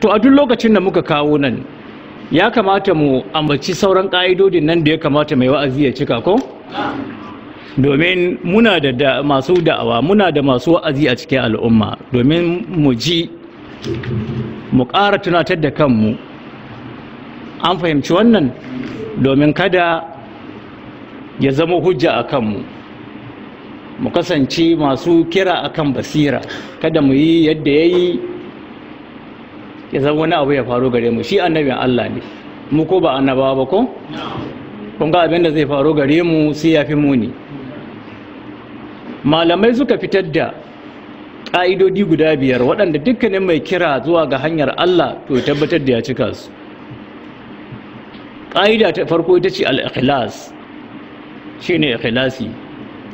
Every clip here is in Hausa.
to a duk lokacin da muka kawo nan ya kamata mu ambaci sauran ƙa'idodin nan da ya kamata mai wa'azi ya cika ko domin muna da masu da'awa muna da masu wa'azi a cikin al'umma domin mu ji mu ƙara tunatar da kanmu an fahimci wannan domin kada ya zama hujja a kanmu mu kasance masu kira akan basira kada mu yi yadda ya yi ya zan wani abu ya faru gare mu shi annabin Allah ne mu ko ba annabawa ba ko kun ga abin da zai faru gare mu sai ya fi muni malamai suka fitar da ƙa'idodi guda biyar waɗanda dukkanin mai kira zuwa ga hanyar Allah to ya tabbatar da ya cika su ƙa'ida ta farko ita ce al-ikhlas shine ikhlasi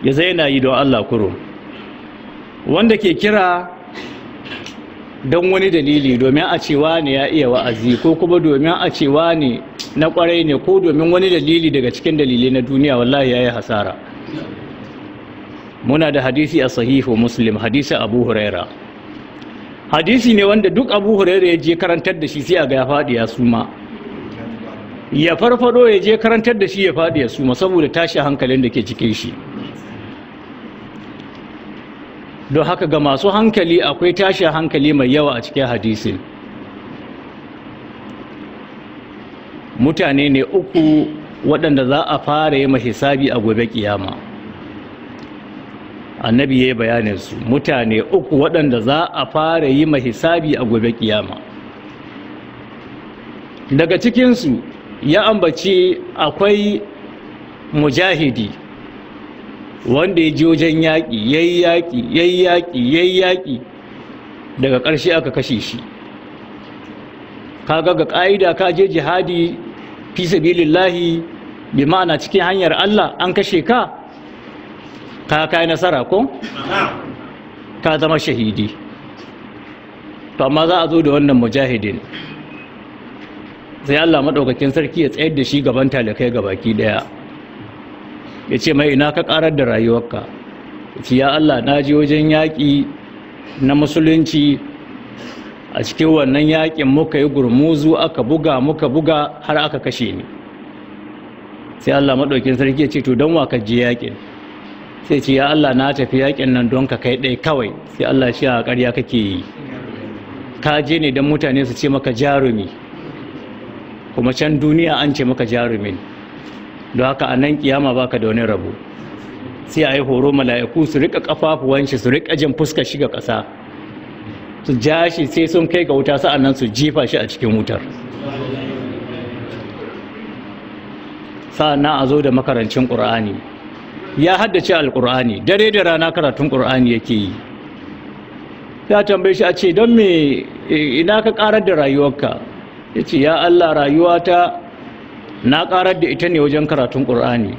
ya zaina yi don Allah kuro. wanda ke kira don wani dalili domin a cewa ne ya iya wa'azi ko kuma domin a cewa ne na kwarai ne ko domin wani dalili daga cikin dalilai na duniya wallahi ya yi hasara muna da hadisi a sahihu muslim hadisi abu huraira hadisi ne wanda duk abu huraira ya je karantar da shi sai a ga ya faɗi ya suma ya farfado ya je karantar da shi ya faɗi ya suma saboda tashi hankalin da ke cikin shi don haka ga masu hankali akwai tashin hankali mai yawa a cikin hadisin mutane ne uku waɗanda za a fara yi hisabi a gobe kiyama annabi ya yi bayanin su mutane uku waɗanda za a fara yi hisabi a gobe kiyama daga cikinsu ya ambaci akwai mujahidi wanda ya je wajen yaƙi yi yaƙi yi yaƙi yi yaƙi daga ƙarshe aka kashe shi kaga ga ƙa'ida ka je jihadi fi sabilillahi bi ma'ana cikin hanyar Allah an kashe ka ka kai nasara ko ka zama shahidi to amma za a zo da wannan mujahidin sai Allah madaukakin sarki ya tsayar da shi gaban talakai gabaki daya ya ce mai ina ka karar da rayuwarka ki ya Allah na ji wajen yaƙi na musulunci a cikin wannan yaƙin muka yi gurmuzu aka buga muka buga har aka kashe ni sai Allah maɗaukin sarki ya ce to don waka je yaƙin sai ce ya Allah na tafi yaƙin nan don ka kai ɗai kawai sai Allah shi a ƙarya kake yi ka je ne don mutane su ce maka jarumi kuma can duniya an ce maka jarumin don haka a nan kiyama baka da wani rabo sai ayi horo mala'iku su rika kafafuwan shi su rika jin fuska shi ga ƙasa su ja shi sai sun kai ga wuta sa'an nan su jifa shi a cikin wutar sa'an a zo da makarancin ƙur'ani ya haddace alƙur'ani dare da rana karatun ƙur'ani yake yi ya tambaye shi a ce don me ina ka ƙarar da rayuwarka ya ce ya allah rayuwata na karar da ita ne wajen karatun ƙur'ani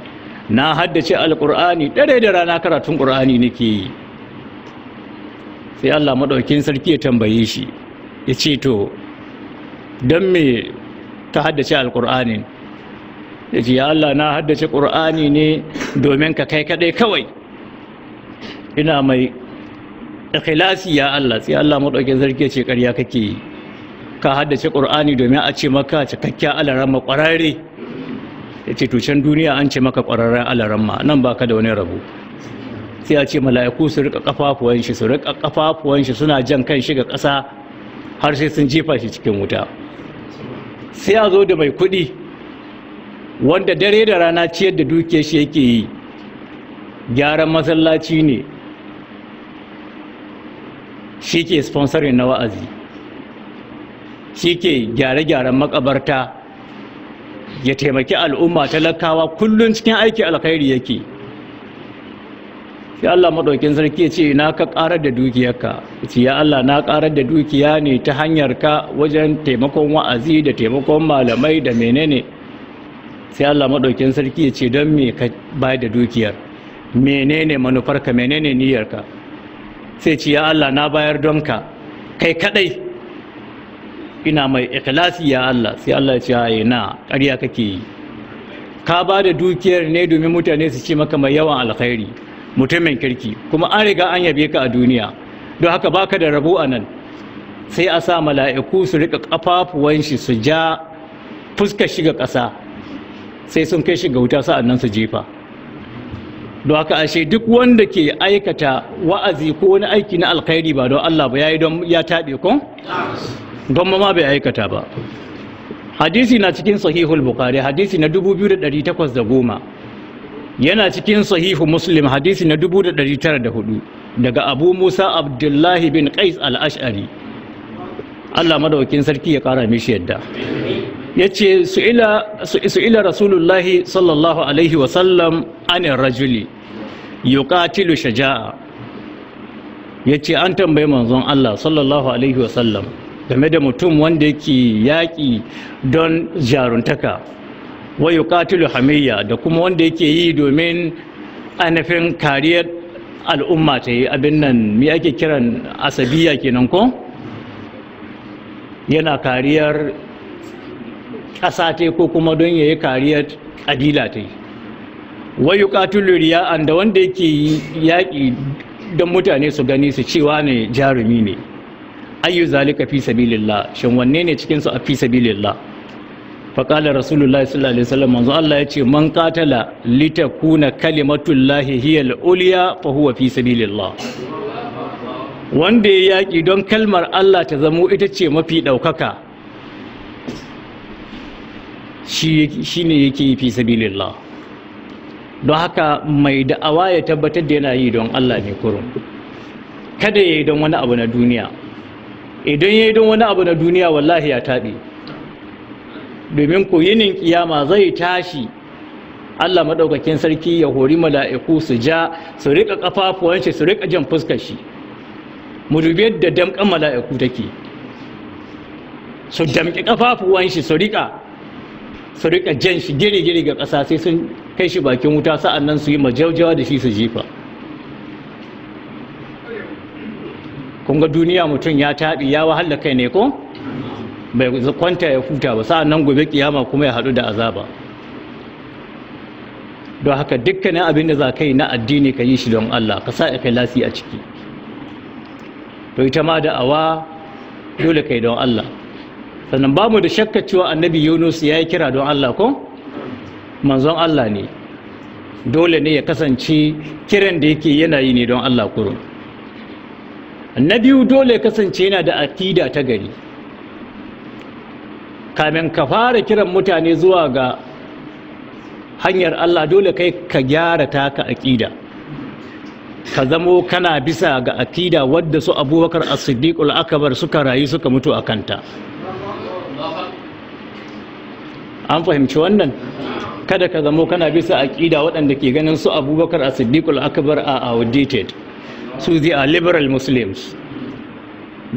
na haddace alƙur'ani ɗare da rana karatun ƙur'ani nake yi sai Allah maɗaukin sarki ya tambaye shi ya ce to don me ka haddace alƙur'ani ya ce ya Allah na haddace ƙur'ani ne domin ka kai kaɗai kawai ina mai ikhlasi ya Allah sai Allah maɗaukin sarki ya ce ƙarya kake yi ka haddace ƙur'ani domin a ce maka cikakken alarama ƙwararre ya ce duniya an ce maka ƙwararren ma nan ba ka da wani rabu sai a ce mala'iku su rika kafafuwan shi su rika kafafuwan shi suna jan kan shi ga ƙasa har sai sun jefa shi cikin wuta sai a zo da mai kuɗi wanda dare da rana ciyar da dukiyar shi yake yi gyaran masallaci ne shi ke sponsorin na wa'azi shi ke gyare-gyaren makabarta ya taimaki al'umma talakawa kullum cikin aiki alkhairi yake sai Allah madaukin sarki ya ce na ka karar da dukiyarka ce ya Allah na karar da dukiya ne ta hanyar ka wajen taimakon wa'azi da taimakon malamai da menene sai Allah madaukin sarki ya ce don me ka bai da dukiyar menene manufarka menene niyyarka sai ce ya Allah na bayar don ka kai kadai ina mai ikhlasi ya Allah sai Allah ya ce ai na ƙarya kake yi ka ba da dukiyar ne domin mutane su ce maka mai yawan alkhairi mutumin kirki kuma an riga an yabe ka a duniya don haka baka da rabo a nan sai a sa mala'iku su rika kafafuwan shi su ja fuskar shiga ƙasa sai sun kai shi ga wuta nan su jefa don haka ashe duk wanda ke aikata wa'azi ko wani aiki na alkhairi ba don Allah ba yayi don ya taɓe ko. don ma bai aikata ba hadisi na cikin sahihul bukari hadisi na 2810 yana cikin sahihu muslim hadisi na hudu daga abu musa abdullahi bin qais al-ash'ari Allah madaukin sarki ya kara mishi yadda yace su'ila su'ila rasulullahi sallallahu alaihi wa sallam anir rajuli yuqatilu shaja'a yace an tambaye manzon Allah sallallahu alaihi wa sallam game da mutum wanda yake yaƙi don jaruntaka wa katilu hamayya da kuma wanda yake yi domin anafin kariyar al'umma ta yi abin nan mai ake kiran asabiya kenan ko yana kariyar ƙasa ta ko kuma don ya yi kariyar ƙabila ta yi katilu riya'an da wanda yake yaƙi don mutane su gani su cewa ne jarumi ne ayyu zalika fi sabilillah shin wanne ne cikin su a fi sabilillah fa qala rasulullahi sallallahu alaihi wasallam manzo Allah yace man qatala litakuna kalimatullahi hiya aluliya fa huwa fi sabilillah wanda ya yaki don kalmar Allah ta zamo ita ce mafi daukaka shi ne yake fi sabilillah don haka mai da'awa ya tabbatar da yana yi don Allah ne kurum kada ya yi don wani abu na duniya idan ya yi don wani abu na duniya wallahi ya taɓe domin koyinin ninkiyama kiyama zai tashi Allah maɗaukakin sarki ya hori mala'iku su ja su riƙa ƙafafuwan shi su riƙa jan fuskar shi mu dubi yadda damƙan mala'iku take su damƙi ƙafafuwan shi su riƙa su riƙa jan shi giri-giri ga ƙasa sai sun kai shi bakin wuta sa'an nan su yi majaujawa da shi su jifa kun ga duniya mutum ya taɓi ya wahala kai ne ko bai kwanta ya futa ba sa'an nan gobe kiyama kuma ya haɗu da azaba don haka dukkanin abin da za ka yi na addini ka yi shi don Allah ka sa lasi a ciki to ita ma da awa dole kai don Allah sannan ba mu da shakka cewa annabi Yunus ya yi kira don Allah ko manzon Allah ne dole ne ya kasance kiran da yake yana yi ne don Allah kurum na biyu dole kasance yana da akida ta gari kamin ka fara kiran mutane zuwa ga hanyar Allah dole kai ka gyara taka aƙida. ka zamo kana bisa ga akida wadda su abubakar as-siddiq suka rayu suka mutu a kanta an fahimci wannan kada ka zamo kana bisa aƙida waɗanda ke ganin su abubakar as-siddiq akbar a outdated su zai a uh, liberal muslims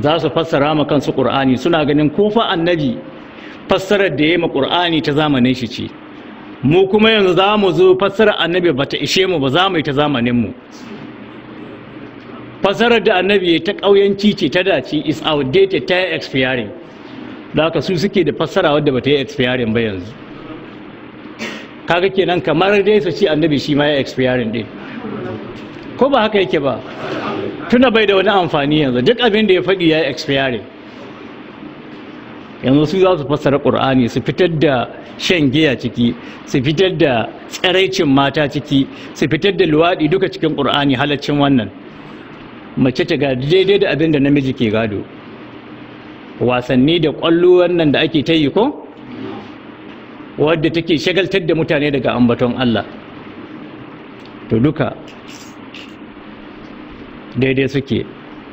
za su fassara ma kansu qur'ani suna ganin kofa annabi fassarar da ya ma ƙur'ani ta zamanin shi ce mu kuma yanzu za mu zo fassarar annabi ba ta ishe mu ba za mu yi ta zamanin mu fassarar da annabi ya ta ƙauyanci ce ta dace is outdated ta expiring da aka su suke da fassara wadda ta yi expiring ba yanzu kaga kenan kamar dai su ce annabi shi ma ya expiring din ko ba haka yake ba tuna bai da wani amfani yanzu duk abin da ya faɗi ya expire yanzu su za su fassara ƙur'ani su fitar da shan giya ciki su fitar da tsaraicin mata ciki su fitar da luwaɗi duka cikin ƙur'ani halaccin wannan mace ta gadi daidai da abin da namiji ke gado wasanni da ƙwallo wannan da ake ta yi ko wadda take shagaltar da mutane daga ambaton Allah to duka daidai suke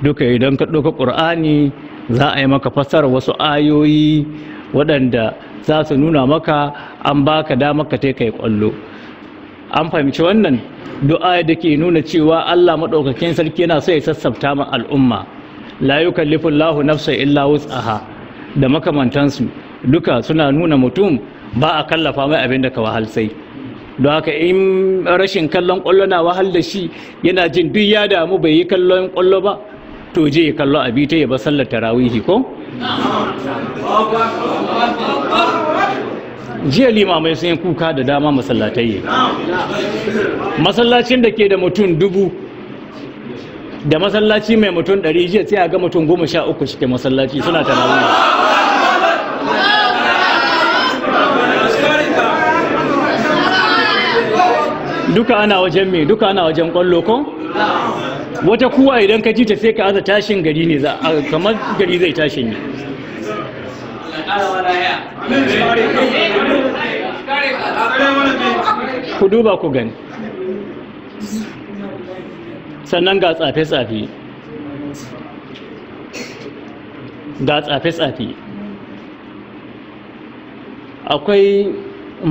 duka idan ka ɗauka ƙur'ani za a yi maka fassarar wasu ayoyi waɗanda za su nuna maka an ba ka damar ka ta kai ƙwallo an fahimci wannan du'a da ke nuna cewa Allah maɗaukakin sarki yana so ya sassafta ma al'umma layukan lifin "Lahu nafsa illa wutsaha" da makamantansu duka suna nuna mutum ba a kallafa mai abin da ka wahal sai don haka in rashin kallon kwallo na wahal da shi yana jin duk ya damu bai yi kallon kwallo ba to je ya kallo abi ta ya ba sallar tarawihi ko jiya limamai sun yi kuka da dama masallatai masallacin da ke da mutum dubu da masallaci mai mutum ɗari jiya sai a ga mutum goma sha uku shi masallaci suna tarawihi duka ana wajen me duka ana wajen kwallo ko wata kuwa idan ka ji ta sai ka aza tashin gari ne za kamar gari zai tashin ne ku duba ku gani sannan ga tsafe-tsafe ga tsafe-tsafe akwai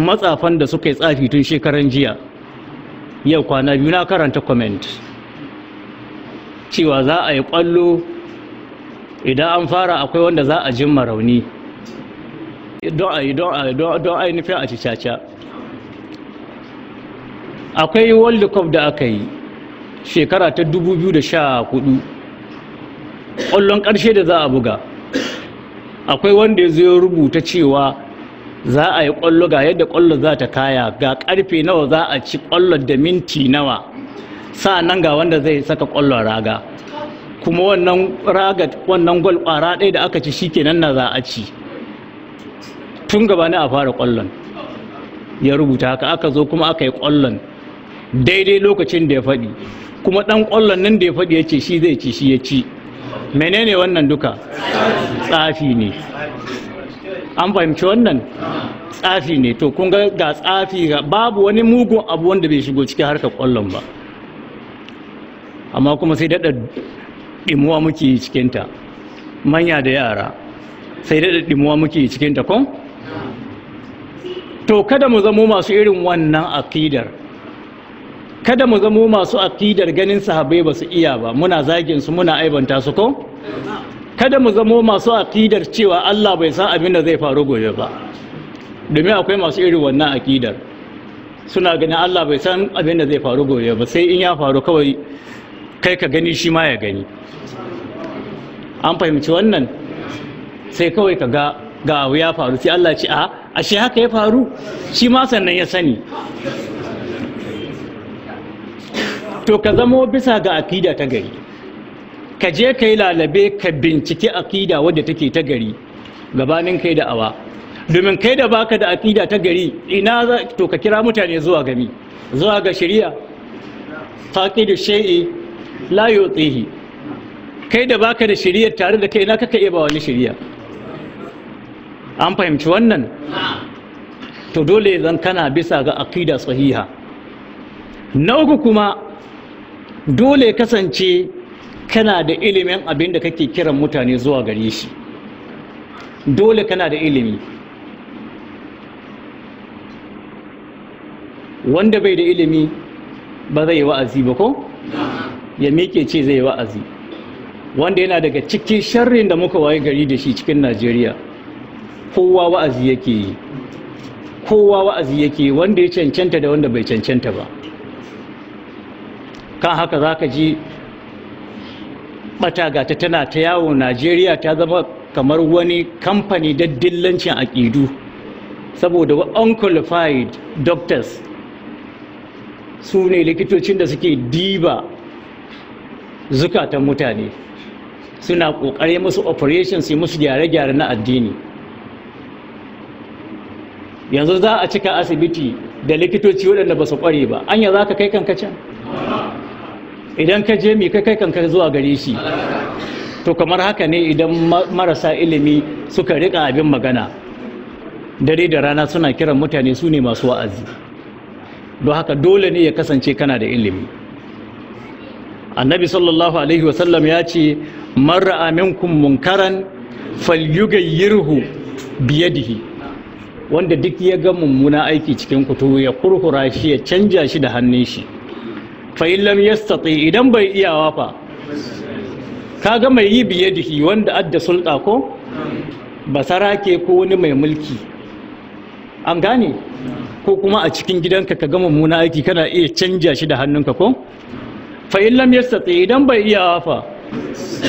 matsafan da suka yi tsafi tun shekaran jiya yau kwana biyu na karanta comment cewa za a yi kwallo idan an fara akwai wanda za a jin rauni don a yi don ainihin a cicaca akwai world cup da aka yi shekara ta 2014 kwallon ƙarshe da za a buga akwai wanda ya zo rubuta cewa za a yi ƙwallo ga yadda ƙwallo za ta kaya ga ƙarfe nawa za a ci ƙwallon da minti nawa Sa nan ga wanda zai saka ƙwallon raga kuma wannan raga wannan gwal ƙwara ɗaya da aka ci shikenan na za a ci tun gaba ne a fara ƙwallon ya rubuta haka aka zo kuma aka yi ƙwallon daidai lokacin da ya faɗi kuma ɗan ƙwallon nan da ya faɗi ya ce shi zai ci shi ya ci menene wannan duka tsafi ne an fahimci wannan tsafi ne to kun ga ga tsafi ga babu wani mugun abu wanda bai shigo cikin harkar kwallon ba amma kuma sai daɗa ɗimuwa muke cikinta manya da yara sai daɗa ɗimuwa muke cikinta kun to kada mu zamo masu irin wannan akidar kada mu zamo masu akidar ganin sahabai ba su iya ba muna zagin su muna aibanta su ko kada mu zamo masu aƙidar cewa Allah bai san abin da zai faru gobe ba domin akwai masu irin wannan aƙidar suna ganin Allah bai san abin da zai faru gobe ba sai in ya faru kawai kai ka gani shi ma ya gani an fahimci wannan sai kawai ka ga ga ya faru sai Allah ce a ashe haka ya faru shi ma sannan ya sani to ka zamo bisa ga aƙida ta gari ka je ka yi lalabe ka binciki aƙida wadda take ta gari gabanin kai da awa domin kai da baka da aƙida ta gari ina to ka kira mutane zuwa gami zuwa ga shari'a da shay'i la yutihi kai da baka da shari'a tare da kai na kaka iya ba wani shari'a an fahimci wannan to dole zan kana bisa ga aƙida sahiha na uku kuma dole kasance kana da ilimin abin da kake kiran mutane zuwa gare shi dole kana da ilimi wanda bai da ilimi ba zai wa'azi ba ko ya meke ce zai wa'azi wanda yana daga cikin sharrin da muka waye gari da shi cikin najeriya kowa wa'azi yake yi kowa wa'azi yake wanda ya cancanta da wanda bai cancanta ba kan haka za ka ji ɓata gata tana ta yawo najeriya ta zama kamar wani kamfani da dillancin aƙidu saboda unqualified doctors su ne likitocin da suke diba zukatan mutane suna ƙoƙari musu operation su musu gyare-gyare na addini yanzu za a cika asibiti da likitoci waɗanda ba su ƙware ba anya za ka kai kankacin idan ka je mi kai kai kanka zuwa gare shi to kamar haka ne idan marasa ilimi suka rika abin magana dare da rana suna kiran mutane su ne masu wa'azi don haka dole ne ya kasance kana da ilimi annabi sallallahu alaihi wasallam ya ce marra aminkum munkaran falyughayyirhu biyadihi wanda duk ya ga mummuna aiki cikin kutu ya kurkura shi ya canja shi da hannun shi fa'in ya yastati idan bai iya wafa, ka ga mai yi biye da wanda adda sulɗa ko ba ke ko wani mai mulki an gane ko kuma a cikin gidanka ka gama muna aiki kana iya canja shi da hannunka ko fa'in ya yastati idan bai iya wafa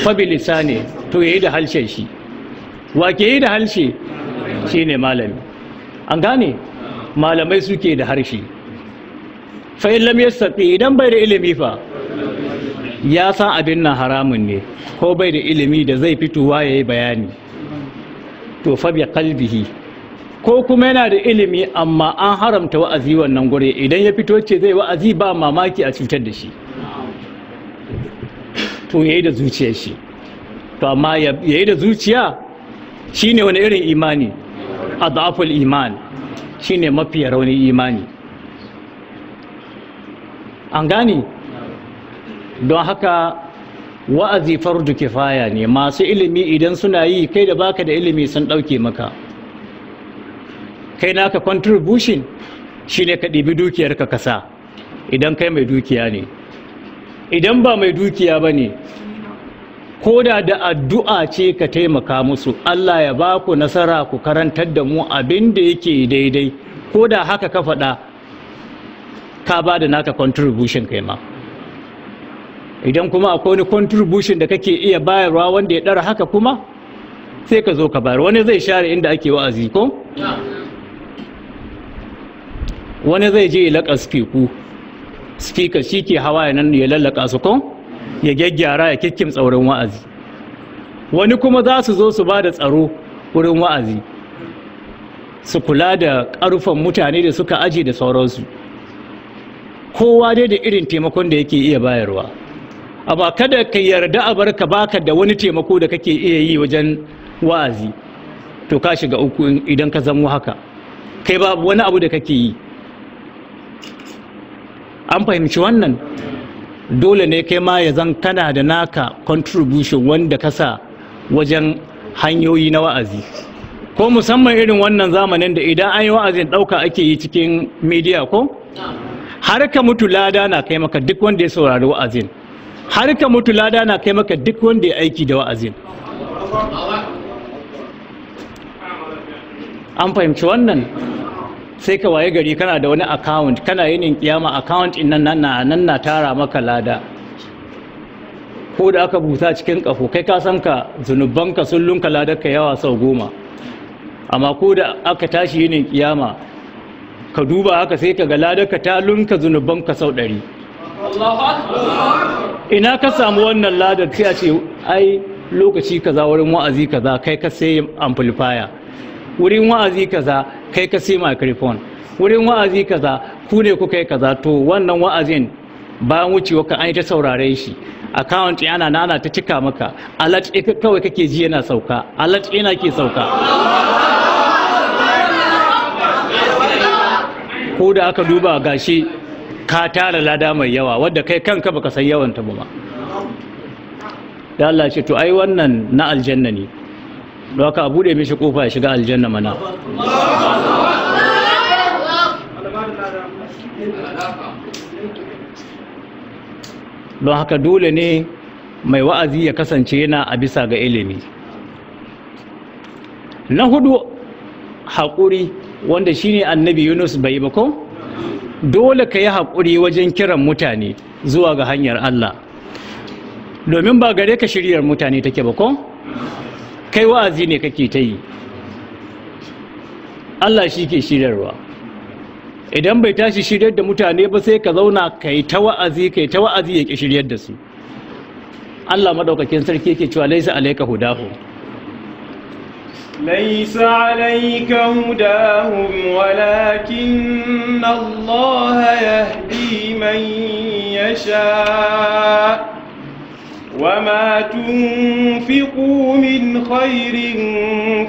fabilisa ne to ya yi da halshe shi wa ke yi da halshe ne malami an gane malamai suke da harshe fa in lam yastati idan bai da ilimi fa ya san abin nan haramun ne ko bai da ilimi da zai fitowa yayi bayani to fa bi qalbihi ko kuma yana da ilimi amma an haramta wa'azi wannan gure idan ya fito ce zai wa'azi ba mamaki a cutar da shi to yayi da zuciyar shi to amma yayi da zuciya shine wani irin imani adaful iman shine mafi rauni imani an gane don haka wa'azi fardu kifaya ne masu ilimi idan suna yi kai da baka da ilimi sun ɗauke maka kai naka contribution shine ka ɗibi dukiyar ka kasa idan kai mai dukiya ne idan ba mai dukiya ba ne ko da da addu'a ce ka taimaka musu Allah ya ba ku nasara ku karantar da mu abin da yake daidai ko da haka ka faɗa ka ba da naka contribution kai ma idan kuma akwai wani contribution da kake iya bayarwa wanda ya ɗara haka kuma sai ka zo ka bayar wani zai share inda ake wa'azi ko wani zai je ya laka speaker speaker shi ke hawa ya nan ya lallaka su ko ya gyaggyara ya kikkim tsaurin wa'azi wani kuma za su zo su ba da tsaro wurin wa'azi su kula da ƙarfin mutane da suka aje da sauransu kowa dai da irin taimakon da yake iya bayarwa amma kada ka yarda a barka baka da wani taimako da kake iya yi wajen wa'azi to ka shiga uku idan ka zamo haka kai babu wani abu da kake yi an fahimci wannan dole ne kai ma ya zan kana da naka contribution wanda ka sa wajen hanyoyi na wa'azi ko musamman irin wannan zamanin da idan an yi wa'azin ɗauka ake yi cikin media ko har ka mutu lada na kai maka duk wanda ya saurari wa'azin har ka mutu lada na kai maka duk wanda ya aiki da wa'azin an fahimci wannan sai ka waye gari kana da wani account kana yin kiyama account in nan na nan na tara maka lada ko da aka buta cikin kafo kai ka san ka zunubanka sun lunka ladar ka yawa sau goma amma ko da aka tashi yin kiyama ka duba haka sai ka ga ka ta lunka zunubanka sau ɗari ina ka samu wannan ladar sai a ce ai lokaci kaza wurin wa'azi kaza kai ka sai amplifier wurin wa'azi kaza kai ka sai microphone wurin wa'azi kaza ku ne kuka yi kaza to wannan wa'azin bayan wucewa ka an yi ta saurare shi account yana nana ta cika maka alert kawai kake ji yana sauka alert yana ke sauka ko da aka duba gashi ka tara lada mai yawa wadda kai kanka baka san yawan ta ba da Allah ce to ai wannan na aljanna ne don haka a bude mishi kofa ya shiga aljanna mana don haka dole ne mai wa'azi ya kasance yana a bisa ga ilimi na hudu haƙuri wanda shine annabi yunus bai ba ko dole ka yi haƙuri wajen kiran mutane zuwa ga hanyar allah domin ba gare ka shiryar mutane take ba kai wa'azi ne kake ta yi allah shi ke shiryarwa idan bai tashi shiryar da mutane ba sai ka zauna ka yi ta wa'azi ka yi ta wa'azi ya ƙi shiryar da su allah maɗaukakin sarki yake cewa laisa alaika hudahu ليس عليك هداهم ولكن الله يهدي من يشاء وما تنفقوا من خير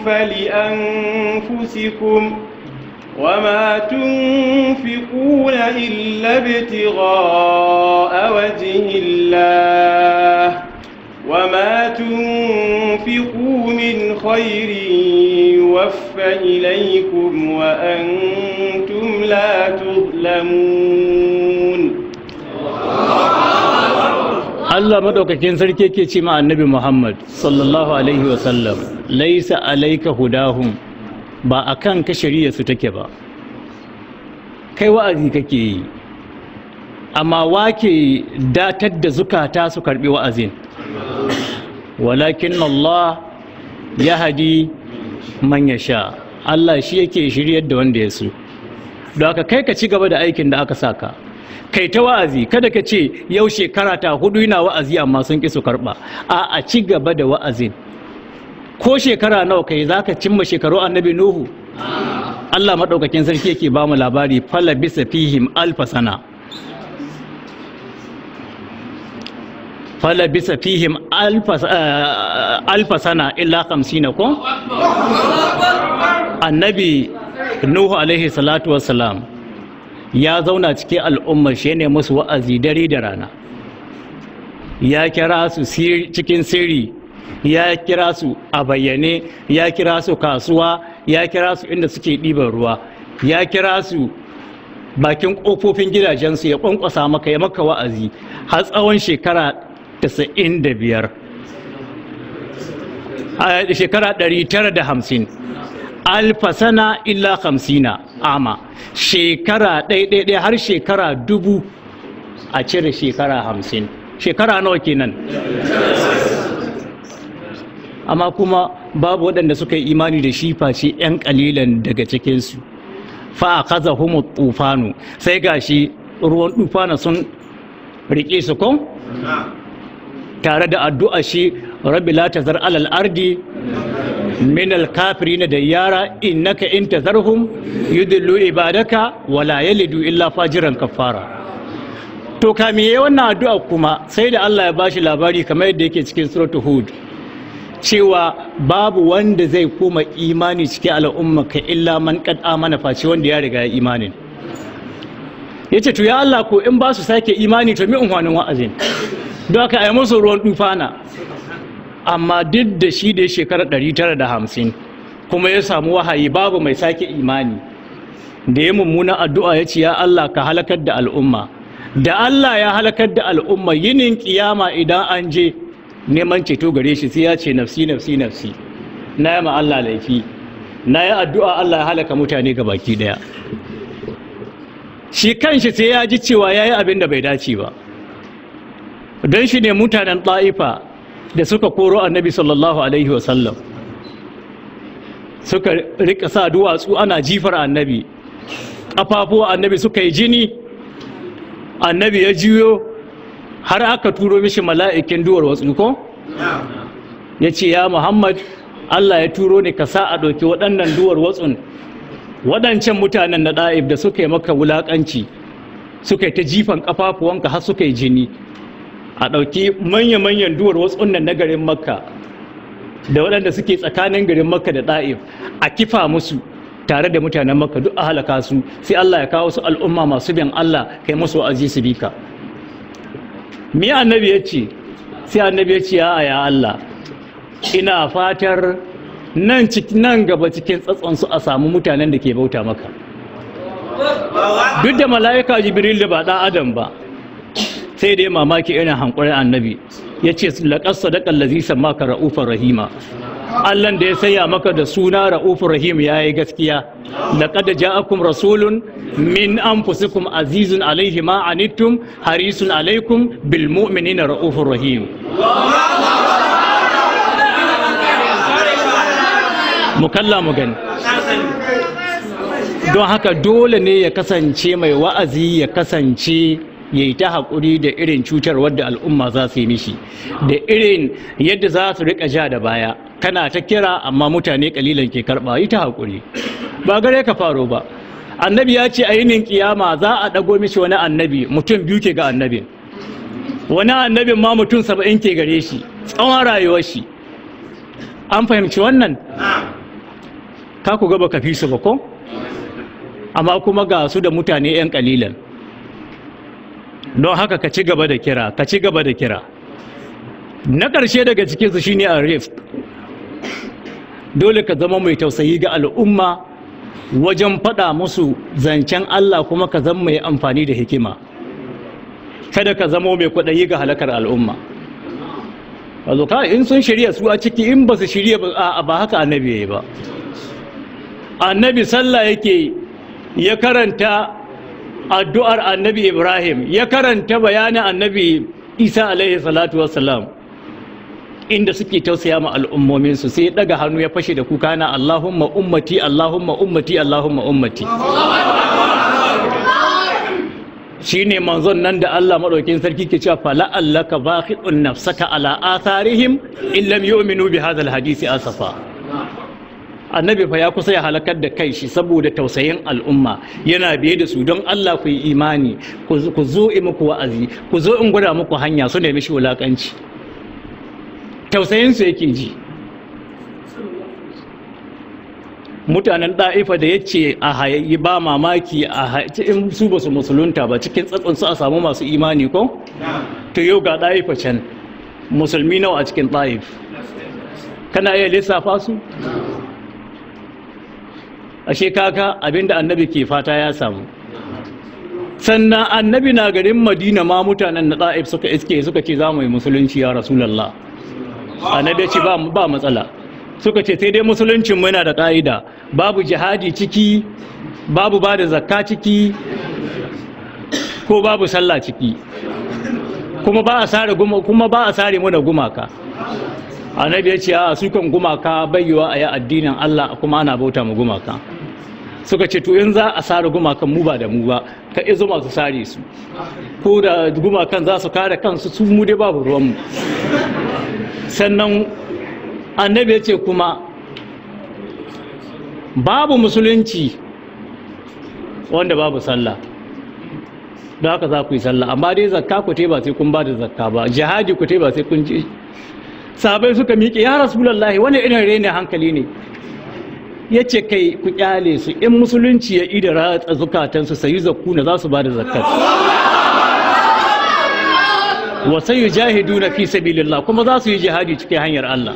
فلأنفسكم وما تنفقون إلا ابتغاء وجه الله وما تنفقوا من خير يوفى إليكم وأنتم لا تظلمون Allah madaukakin sarki yake ce ma Annabi Muhammad sallallahu alaihi wa sallam laisa alayka hudahum ba akan ka shari'a su take ba kai wa'azi kake yi amma wake datar da zukata su karbi wa'azin walakin Allah ya hadi man ya sha Allah shi yake shiryar da wanda ya so don haka kai ka ci gaba da aikin da aka saka kai ta wa'azi kada ka ce yau shekara ta hudu ina wa'azi amma sun ki su karba a a ci gaba da wa'azin ko shekara nawa kai zaka cimma shekaru annabi nuhu Allah maɗaukakin sarki yake ba mu labari fala bisa fihim alfa fala bisa fihim eh, alfa sana illa kamsina ko annabi nuhu alaihi salatu wasalam ya zauna cikin al'ummar shi ne musu wa'azi dare da rana ya kira su cikin sirri ya kira su a bayyane ya kira su kasuwa ya kira su inda suke ɗiban ruwa ya kira su bakin ƙofofin gidajensu ya ƙwanƙwasa maka ya maka wa'azi har tsawon shekara 1995 a shekara 950 alfa sana illa 50 ama shekara ɗaiɗaiɗai har shekara dubu a cire shekara hamsin shekara nawa kenan amma kuma babu waɗanda suka yi imani da shi face 'yan ƙalilan daga cikinsu fa a kaza homo tufanu sai gashi ruwan tufana sun riƙe su kun? tare da addu'a shi Rabi lati zar alal ardi min alkafirina da yara innaka in ta tazarhum yudillu ibadaka wala yalidu illa fajiran kafara to kamiye wannan addu'a kuma sai da Allah ya bashi labari kamar yadda yake cikin suratu hud cewa babu wanda zai koma imani cikin al'umma ka illa man qad amana face wanda ya riga ya imanin yace to ya Allah ko in ba su sake imani to mi hannun wa'azin don haka yi musu ruwan tufana. amma duk da shi da shekarar 950 kuma ya samu wahayi babu mai sake imani da ya mummuna addu'a ya ce ya Allah ka halakar da al'umma da Allah ya halakar da al'umma yinin kiyama idan an je neman ceto gare shi sai ya ce nafsi nafsi nafsi na yi ma Allah laifi na yi addu'a Allah ya halaka mutane ga baki daya shi kanshi sai ya ji cewa ya yi abin da bai dace ba don shi ne mutanen ɗa'ifa da suka koro annabi sallallahu alaihi wasallam suka rika sa duwatsu ana jifar annabi ƙafafuwa annabi suka yi jini annabi ya juyo har aka turo mishi mala'ikin duwar watsu ko? ya ce ya muhammad allah ya turo ne ka sa a ɗauki waɗannan duwar watsun waɗancan mutanen na ɗa'ib da suka yi maka wulaƙanci suka yi ta jifan ƙafafuwanka har suka yi jini a ɗauki manya-manyan duwar wasu na garin makka da waɗanda suke tsakanin garin makka da ɗa'ib a kifa musu tare da mutanen makka duk a halaka su sai allah ya kawo su al'umma masu biyan allah kai musu wa'azi su bi ka me annabi ya ce sai annabi ya ce ya Allah ina fatar nan nan gaba cikin su a samu mutanen da ke bauta maka duk da mala'ika jibril da ba ɗan adam ba sai da ya mamaki irin hankulan annabi ya ce laƙar sadaƙar lazisa maka ra'ufar rahima allan da ya saya maka da suna ra'ufar rahim ya yi gaskiya laƙa da ja'akun rasulun min an anfusikum azizun alaihi ma harisun alaikun bil mu'minina ra'ufar rahim mukalla mu gani don haka dole ne ya kasance mai wa'azi ya kasance ya yi ta haƙuri da irin cutar wadda al'umma za su yi mishi da irin yadda za su riƙa ja da baya kana ta kira amma mutane ƙalilan ke karɓa yi ta haƙuri ba gare ka faro ba annabi ya ce a yi kiyama za a ɗago mishi wani annabi mutum biyu ke ga annabin wani annabin ma mutum saba'in ke gare shi tsawon rayuwar shi an fahimci wannan ka ku gaba ka fi su ba ko amma kuma ga su da mutane 'yan kalilan don haka ka ci gaba da kira ka ci gaba da kira na ƙarshe daga cikinsu shine arif dole ka zama mai tausayi ga al'umma wajen faɗa musu zancen Allah kuma ka zama mai amfani da hikima kada ka zama mai kwaɗayi ga halakar al'umma a in sun shirya su a ciki in ba su shirya ba haka annabi ya yi ba annabi sallah yake ya karanta addu'ar annabi ibrahim ya karanta bayanin annabi isa alaihi salatu wassalam inda suke tausaya ma al'ummominsu sai ya daga hannu ya fashe da kuka na allahumma ummati allahumma ummati allahumma ummati shine manzon nan da Allah maɗaukin sarki ke cewa fala allaka baqi'un nafsaka ala atharihim illam yu'minu bi hadha hadisi asafa annabi fa ya kusa ya halakar da kai shi saboda tausayin al'umma yana biye da su don Allah ku yi imani ku zo in muku wa'azi ku zo in gwada muku hanya su nemi shi wulakanci tausayin su yake ji mutanen ɗa'ifa da ya ce a hayayi ba mamaki a in su ba su musulunta ba cikin su a samu masu imani ko? to yau ga ɗa'ifa can musulmi nawa a cikin ɗa'if kana iya lissafa su? ashe kaka abinda annabi ke fata ya samu sannan annabi na garin madina ma mutanen na ɗa'ib suka iske suka ce za mu yi musulunci ya rasulallah annabi ce ba matsala suka ce sai dai musuluncin muna da ƙa'ida babu jihadi ciki babu ba da zakka ciki ko babu sallah ciki kuma ba a sare mu da gumaka annabi ya ce a su kan gumaka bayyawa a yi addinin Allah kuma ana bauta mu gumaka suka ce to in za a sare gumakan mu ba da mu ba ka izo masu sare su ko da gumakan za su kare kansu su mu dai babu ruwan mu sannan annabi ya ce kuma babu musulunci wanda babu sallah da haka za ku yi sallah amma dai zakka ku te ba sai kun ba da zakka ba jihadi ku te ba sai kun sabai suka miƙe ya rasulullahi wani irin rene hankali ne ya ce kai ku kyale su in musulunci ya ida ratsa zukatansu sayi na za su ba da zakat wa sai na fi sabilillah kuma za su yi jihadi cikin hanyar Allah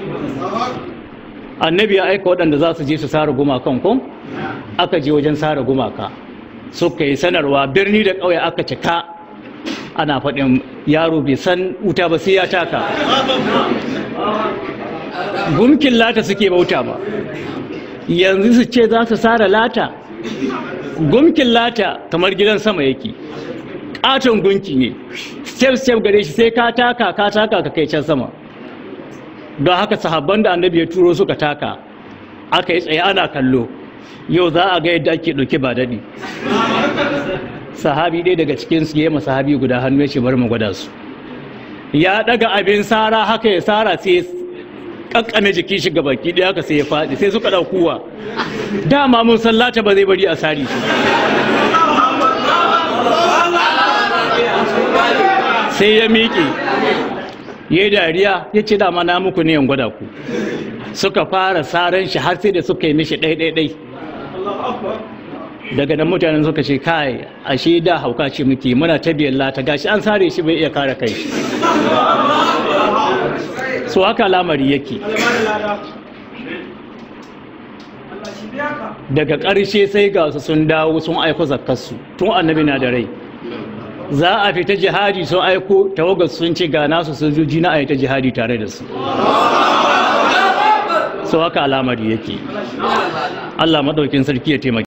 annabi ya aika waɗanda za su je su sare gumakan kun aka je wajen sare gumaka suka yi sanarwa birni da ƙauye aka cika ana faɗin yaro bai san wuta ba sai ya taka gumkin lata suke bauta ba yanzu su ce za su sara lata gumkin lata kamar gidan sama yake Ƙaton gunki ne step step gare shi sai ka taka ka taka ka kai can sama don haka sahabban da annabi ya turo suka taka aka yi tsaye ana kallo yau za a ga yadda ake ɗauke ba daɗi sahabi ɗaya daga cikin su yema sahabi guda hannu ya ce bari mu gwada su ya daga abin sara haka ya sara sai kakkame jikin shi gabaki ɗaya haka sai ya faɗi sai suka ɗaukuwa dama mun sallata ba zai bari a sari shi sai ya miƙe ya yi dariya ya ce dama na muku ne yan gwada ku suka fara saran shi har sai da suka yi mishi ɗai ɗai ɗai daga nan mutanen suka ce kai ashe da hauka ce muke muna ta biyan lata gashi an sare shi bai iya kare kai so haka lamari yake daga ƙarshe sai ga wasu sun dawo sun aiko zakkarsu tun annabi na da rai za a fita jihadi sun aiko tawagar sun ce ga nasu sojoji na aita jihadi tare da su so haka alamari yake Allah maɗaukin sarki ya taimaki.